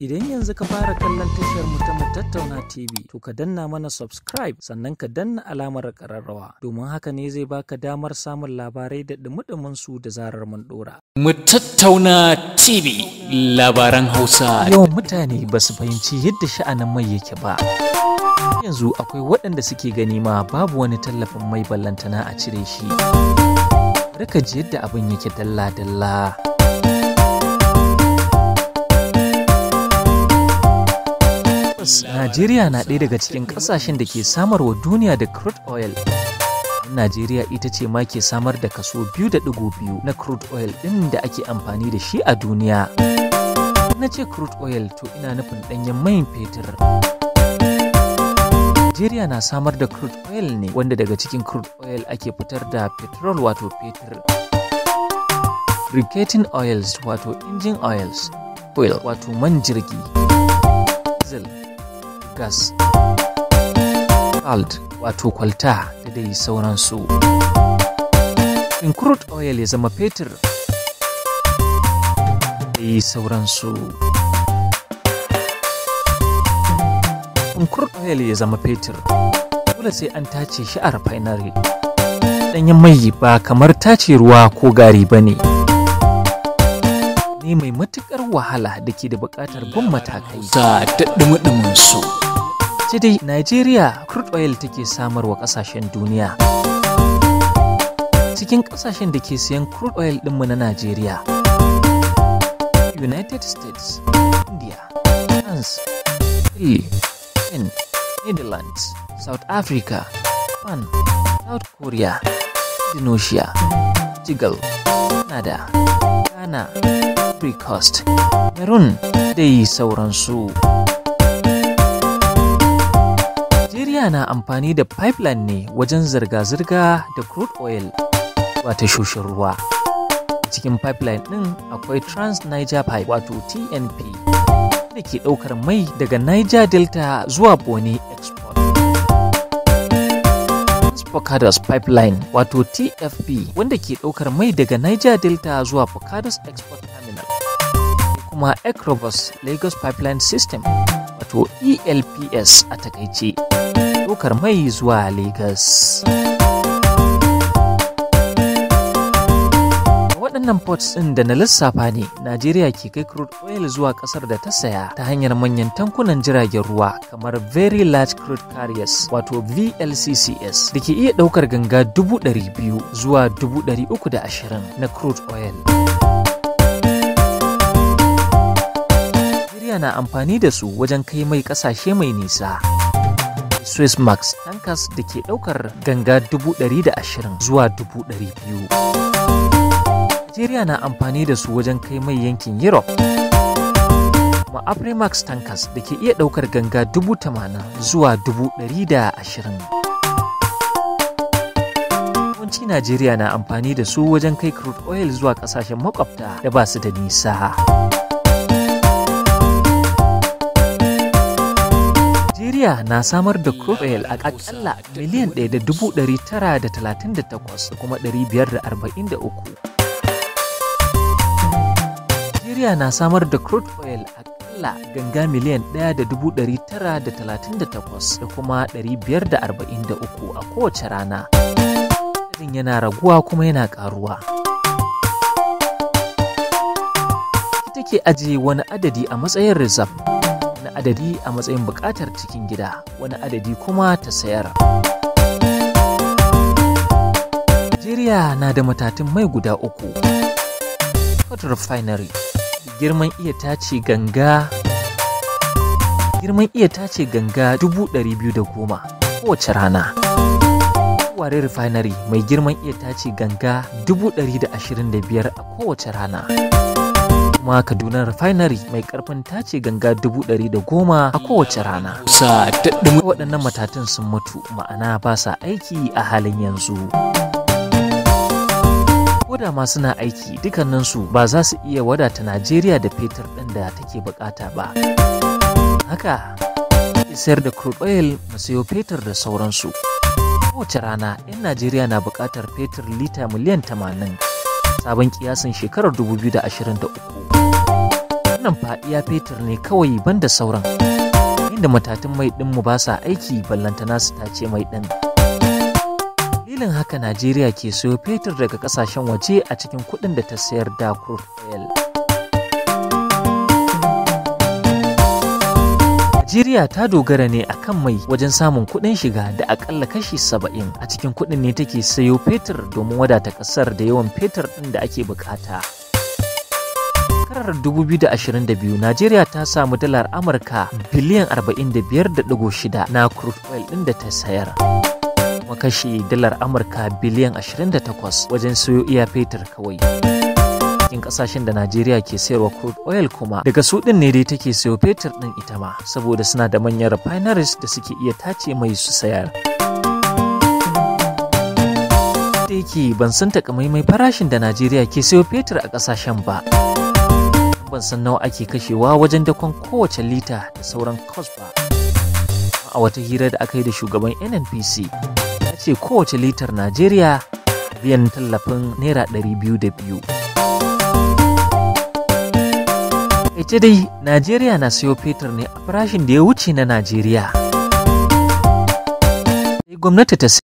Idan yanzu ka fara kallon tashar mu ta tattauna TV, to ka danna mana subscribe sannan ka danna alamar ƙararrawa. Domin haka ne zai baka damar samun labarai da dumudumin su da zarar mun dora. Mu tattauna TV labaran Hausa. Yawan mutane ba su fahimci yadda sha'anin mai yake ba. Yanzu akwai waɗanda suke gani ma babu wani tallafin mai ballantana a cire shi. Raka ji yadda abin yake dalla-dalla. Najeriya na ɗaya daga cikin ƙasashen da ke samar wa duniya da crude oil. Najeriya ita ce ma ke samar da kaso biyu da biyu na crude oil ɗin da ake amfani da shi a duniya. Na ce crude oil to ina nufin ɗanyen mayin fetur. Najeriya na samar da crude oil ne wanda daga cikin crude oil ake fitar da petrol wato fetur. Brigating oils wato injin oils, oil wato man jirgi, diesel gas salt wato kwalta da dai sauransu in crude oil ya zama fetur da yi sauransu in crude oil ya zama fetur dole sai an tace shi a refinery ɗanyen mai ba kamar tace ruwa ko gari ba ne. ne mai matukar wahala da ke da buƙatar bin matakai. Za da su. Sai dai Najeriya crude oil take samar wa kasashen duniya. Cikin ƙasashen da ke siyan crude oil mu na Najeriya. United States, India, France, Italy, Spain, Netherlands, South Africa, Japan, South Korea, Indonesia, Jigal, Canada, Ghana, Free Coast, Cameroon dai sauransu. Najeriya na amfani da pipeline ne wajen zirga-zirga da crude oil wata shushin ruwa. Cikin pipeline ɗin akwai Trans Niger Pipe wato TNP da ke ɗaukar mai daga Niger Delta zuwa Boni Express. Forcados Pipeline wato TFP wanda ke ɗaukar mai daga Niger Delta zuwa Forcados Export Terminal kuma Ecrobus Lagos Pipeline System wato ELPS a takaice ɗaukar mai zuwa Lagos. waɗannan ports ɗin da na lissafa ne najeriya ke kai crude oil zuwa ƙasar da ta saya ta hanyar manyan tankunan jiragen ruwa kamar very large crude carriers wato vlccs da ke iya ɗaukar ganga ɗari biyu zuwa da ashirin na crude oil. Najeriya na amfani da su wajen kai mai ƙasashe mai nisa. Swiss Max tankers da ke ɗaukar ganga da ashirin zuwa biyu. Najeriya na amfani da su wajen kai mai yankin Europe. Kuma Afrimax tankers da ke iya ɗaukar ganga dubu tamanin zuwa dubu ɗari da ashirin. Yawanci Najeriya na amfani da su wajen kai crude oil zuwa ƙasashen makwabta da ba su da nisa. Najeriya na samar da crude oil a ƙaƙƙalla miliyan 1,938 da da talatin kuma ɗari biyar da da arba'in uku. Najeriya na samar da crude oil kalla ganga miliyan 1,938 da kuma 543 a kowace rana. Yanayin yana raguwa kuma yana karuwa. Ita ke ajiye wani adadi a matsayin reserve, wani adadi a matsayin bukatar cikin gida, wani adadi kuma ta sayar. Najeriya na da matatun mai guda uku. Port Refinery. girman iya tace ganga girman iya tace ganga goma kowace rana ware refinery mai girman iya tace ganga biyar a kowace rana kuma kaduna refinery mai karfin tace ganga goma a kowace rana sa waɗannan matatan sun mutu ma'ana ba sa aiki a halin yanzu ko da ma suna aiki dukkaninsu ba za su iya wadata najeriya da fetur ɗin da take bukata ba haka isar da crude oil mu sayo fetur da sauransu kowace rana 'yan najeriya na bukatar fetur lita miliyan 80 sabon kiyasin shekarar 2023 wannan faɗiya fetur ne kawai banda sauran inda matatun mai ɗinmu ba sa aiki ballantana su tace mai ɗin dalilin haka najeriya ke sayo fetur daga kasashen waje a cikin kuɗin da ta sayar da crude oil Najeriya ta dogara ne a kan mai wajen samun kuɗin shiga da akalla kashi saba'in a cikin kuɗin ne take sayo fetur domin wadata ƙasar da yawan fetur ɗin da ake bukata. karar 2022 Najeriya ta samu dalar Amurka biliyan 45.6 na crude oil ɗin da ta sayar. kuma kashe dalar amurka biliyan 28 wajen siyo iya fetur kawai cikin kasashen da Najeriya ke sayarwa crude oil kuma daga su din ne dai take sayo fetur din ita ma saboda suna da manyan refineries da suke iya tace mai su sayar. Da yake ban san takamaimai farashin da Najeriya ke sayo fetur a kasashen ba. Ban san nawa ake kashewa wajen dakon kowace lita da sauran cost ba. A wata hira da aka yi da shugaban NNPC. ce kowace litar Najeriya biyan tallafin Naira biyu. da biyu. Ece dai Najeriya na sayo fetur ne a farashin da ya wuce na Najeriya. Gwamnati ta